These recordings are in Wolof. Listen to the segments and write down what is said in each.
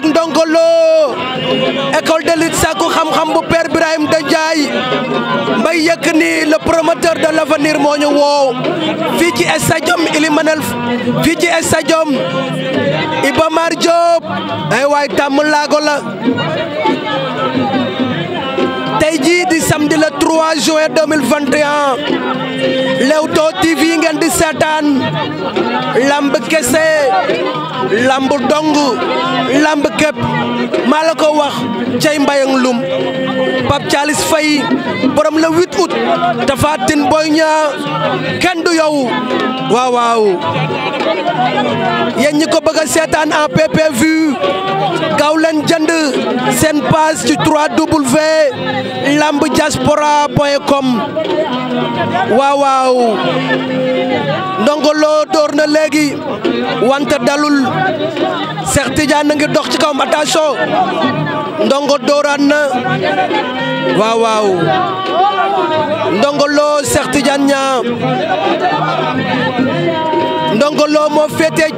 ak Ndongo Lo école de lutte sàkku xam-xam bu père Birahim da Ndiaye Mbaye Yékini le promoteur de l'avenir moo ñu woow fii ci stadium Ilimanel fii ci stadium Iba Mar Diop ay waay tàmm laago la tey jii di samedi le 3 juin 2021 Leewtoo TV ngeen di seetaan lamb kese lamb dong làmb képp maa la ko wax cay mbayang lum Pape Thialis Faye borom la 8 août Tapha Tine Boy Niang kenn du yow waaw waaw yéen ñi ko bëgg seetaan en PPV gaaw leen jënd seen page ci 3W lambdiaspora point com waaw waaw Ndongo Lo léegi wante dalul Cheikh Tidiane ngi dox ci kaw attention Ndongo dooran na waaw waaw Ndongo Lo Cheikh Ndongo Lo moo féetee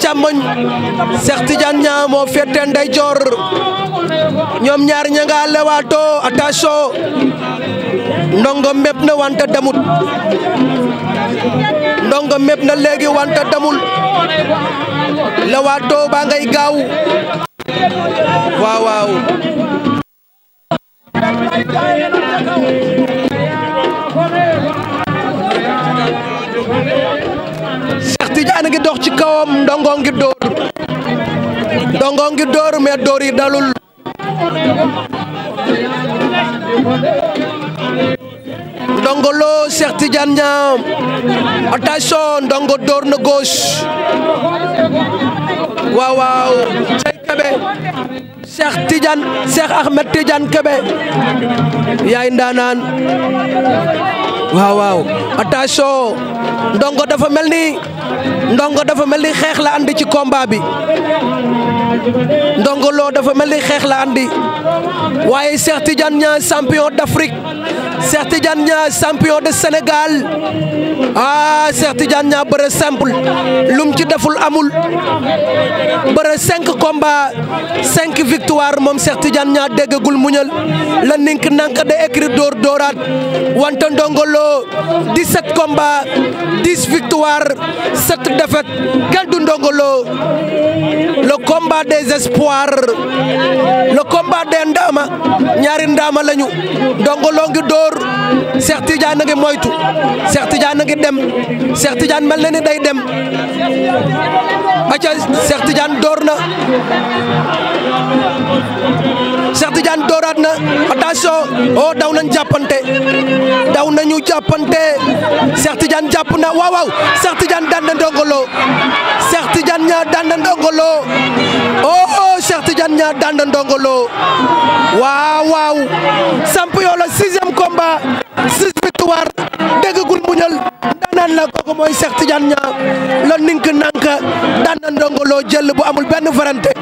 ñaar ña nga lewaatoo attention mépp na wante demut Ndongo mépp léegi wante demul lewaatoo baa ngay gaaw waaw waaw Tidiane ngi dox ci kawam ndongo ngi dóor ndongo ngi dóor mais yi dalul Ndongo Lo Cheikh Tidiane Niang attention Ndongo dóor na gauche waaw waaw Cheikh Kébé Cheikh Tidiane Ahmed Tidiane Kébé yaay ndaanaan waaw waaw attention Ndongo dafa mel ni ndongo dafa mel ni xeex la andi ci combat bi Ndongo Lo dafa mel ni xeex la andi waaye Cheikh Tidiane Niass champion d'Afrique Cheikh Tidiane Niass champion de Sénégal ah Cheikh Tidiane Niass bëre simple lum ci deful amul bëre cinq combats cinq victoire moom Cheikh Tidiane Niass déggagul muñal la nink nanka de écrit dóor dóoraat wante Ndongo Lo 17 combats 10 victoires kenn du Ndongo Lo le combat combat des espoirs le combat des ndaama ñaari ndaama lañu Ndongo Lo ngi dóor Cheikh Tidiane ngi moytu Cheikh Tidiane ngi dem Cheikh Tidiane mel na ni day dem aca Cheikh Tidiane dóor na Cheikh Tidiane dóoraat na attention oh daw nañ jàppante daw nañu jàppante Cheikh Tidiane jàpp na waaw waaw Cheikh Tidiane daan na Ndongo Lo Cheikh Tidiane ñaar daan na Ndongo Lo oh oh Cheikh Tidiane ñaar daan na Ndongo Lo waaw waaw samp yoo la sixième combat six victoire la kooku mooy Cheikh Tidiane ñaar la nink nanka daan na Ndongo jël bu amul benn farante